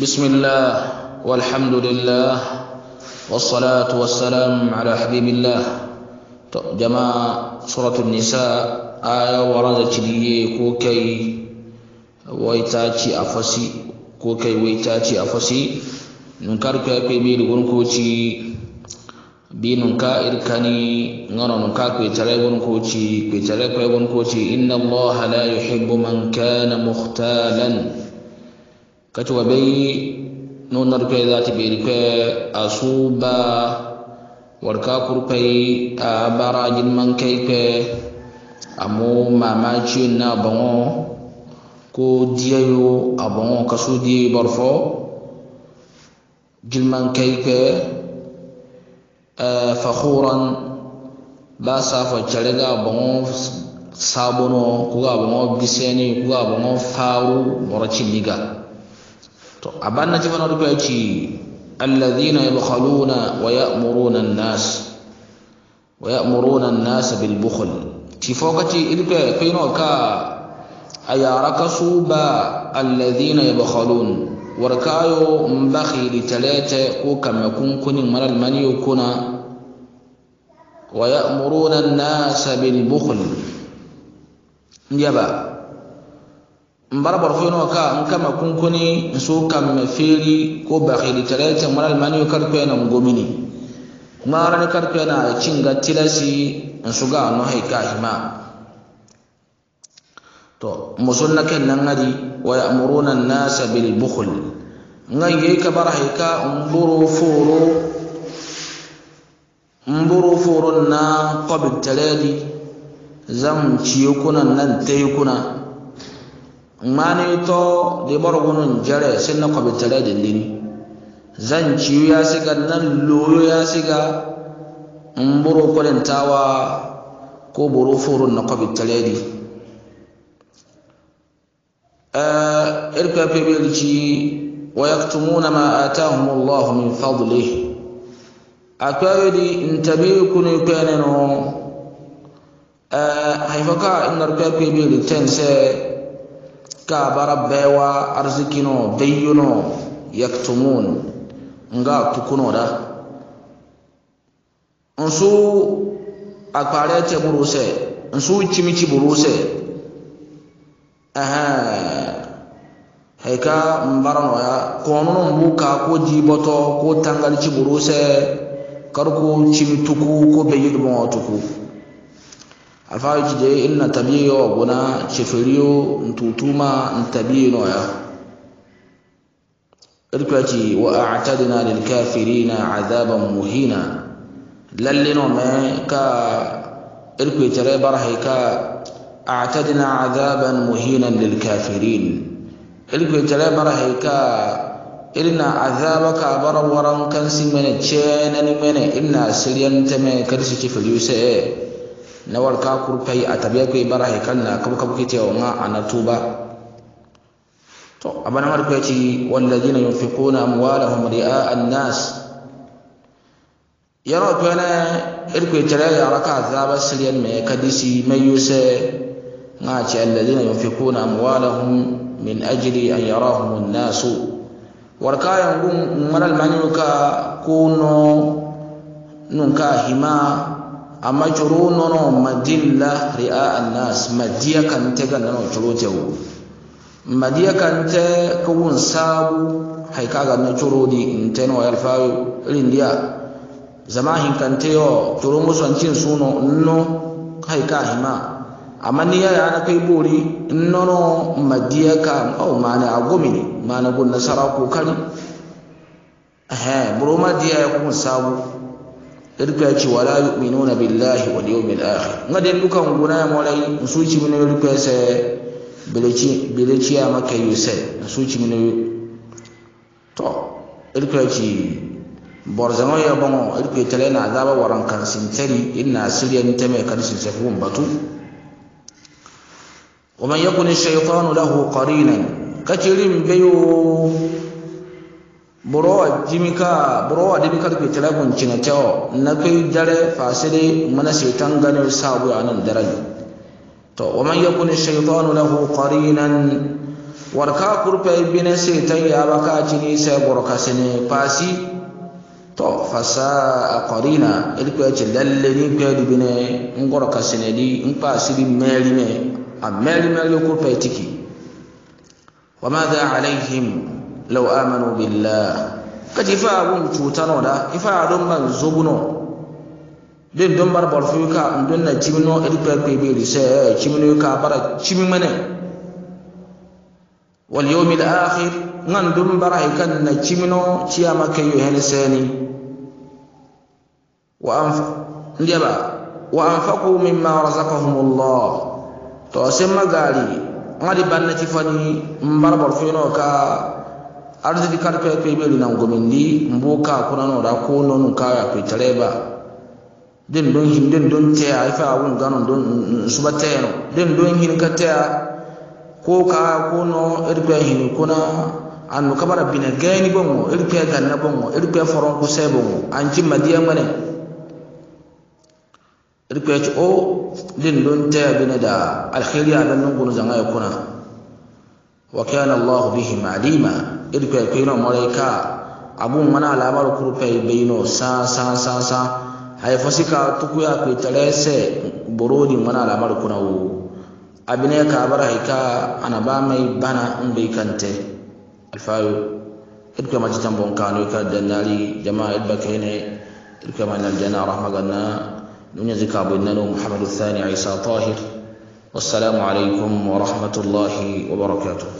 بسم الله والحمد لله والصلاة والسلام على حبيب الله جماعة سورة النساء آية ورد تليه كوكي ويتاتي أفسي كوكي ويتاتي أفسي ننكر كوكي بيل كوتي bi nunka irkani ngano nunka kwitare gon koci kwitare kwai gon koci inna allaha la yuhibbu man katuwa bei no narke zati beri su ba warka kurkai a barajin man kai ke amu mamaci na bango ko diyayo a bango kasu diyayo barfo jilman kai ke fahoran ba safa cari ga bango sabono kuga bango biseni kuga bango faru baraci liga طب عبالنا جيب انا الذين يبخلون ويأمرون الناس ويأمرون الناس بالبخل تي فوقتي إلك كينوكا أيا ركسوبا الذين يبخلون وركايو مبخي لتلاتة كوكا مكون كوني من المني كنا ويأمرون الناس بالبخل يبقى mbara barfoyino ka kama kunkuni nso kama feri ko bakili tarayte mara almaniyo na ngomini mara ni karkwena cinga tilasi ga nɔ hayi ka hima to kɛ na nan di wa na an-nasa bil bukhl ngai ka bara hayi ka umburu furu umburu furun na qabil taradi zam ciyo kunan nan tayi kuna mani to da bar gunun jare sai na bitare da lini zan ciyo ya siga nan loyo ya siga ko buru tawa ko buru furun na kwabitere di eh, irka ci wa yaktumuna ma allah min fadlihi akwai di intabi kunu a eh, haifaka inar kwekwe bi ten sai Ka kabara baiwa arzikino bayyuno yaktumun nga kukuno da nsu akpare te buruse nsu chimichi buruse aha haika mbarano ya konono mbuka ko jiboto ko tangalichi buruse karko chimituku ko bayyuno tuku alfaji de inna tabiyo guna cheferiyo ntutuma ntabino ya irkwati wa a a'tadna lil kafirina azaban muhina lalle no me ka irkwe tare barhai ka a'tadna azaban muhinan lil kafirin irkwe tare barhai ka irna azaba ka barar waran kan sin mene ce nan mene ina siryan ta me karshi kifiliyu sai na warka kurfai a tabiya kai bara haikan na kabu kabu ke tewa nga a na tuba to a bana marko ya wallazina yunfiquna amwalahum ri'a an-nas yaro pene irko tare ya raka zaba siriyan me kadisi mai yuse Na ce allazina yunfiquna amwalahum min ajli an yarahum an-nas warka yangun maral manuka kuno nunka hima amma curu nono madilla ri'a annas madiya kan te ga nono curu te wu madiya kan te ko wun sabu hay ka ga nono curu di inten wa alfa rindiya zama hin kan te yo curu cin suno no hay ka hima amma ni yaya na kai bori nono madiya ka au oh, mana agumi ne mana gun nasara ko kan eh buru madiya ya kuma sabu irka ci wala yu'minuna billahi wal yawmil akhir ngadin dukan guna molai suci min ruka sa bilici bilici ya maka yusai suci min to irka ci borzano ya bango irka tale na azaba waran kan sintari inna siryan ta mai kan sinsafun batu ومن يكن الشيطان له قرينا كثير بيو borowa jimika borowa dimikatu ke telagun cinateo nakoi dare fasidi mana setan ganir sabu anan daraju to waman yakuni shaitanu lahu qarinan warka kurpe bine setan yaba ka cini sai boroka sene fasi to fasa a qarina ilku yace lalle ni kwe dubine in goroka sene di in fasi di meri me a meri meri kurpe tiki wa madha alaihim لو آمنوا بالله كتفاء بمتوتانو دا كفاء دمان زبنو دين دمبر برفوكا مدن تيمنو إدبال بيبيري سي تيمنو كابرة تيمنو واليوم الآخر نان دمبر إكان تيمنو تياما كيو هلساني وأنف... ليبا وأنفقوا مما رزقهم الله تو سمى غالي غالبا نتفاني مبربر فينو كا arziki ya kai beli na gomindi mboka kuna no da ko no ka ya pe tareba den don hin den don te a fa wun gano don suba te no den don hin ka te ko ka ko no irpe hin kuna annu kabara bina gani bongo irpe ganna bongo irpe foron ku se bongo ci madiya mane irpe ci o den don te bina da alkhairi a nun gunu zanga ya kuna wa kana allah bihim alima irpe pino morai ka abun mana alamar kurpe beino sa sa sa sa hay fosika tukuya ku tarese borodi mana alamar kuna wu abine ka bara hika anaba bana in bai kante alfayo irpe maji tambon kano ka danali jama'a ibakaine irpe mana aljanna rahmaganna dunya zikabu innanu muhammadu thani isa tahir والسلام عليكم ورحمه الله وبركاته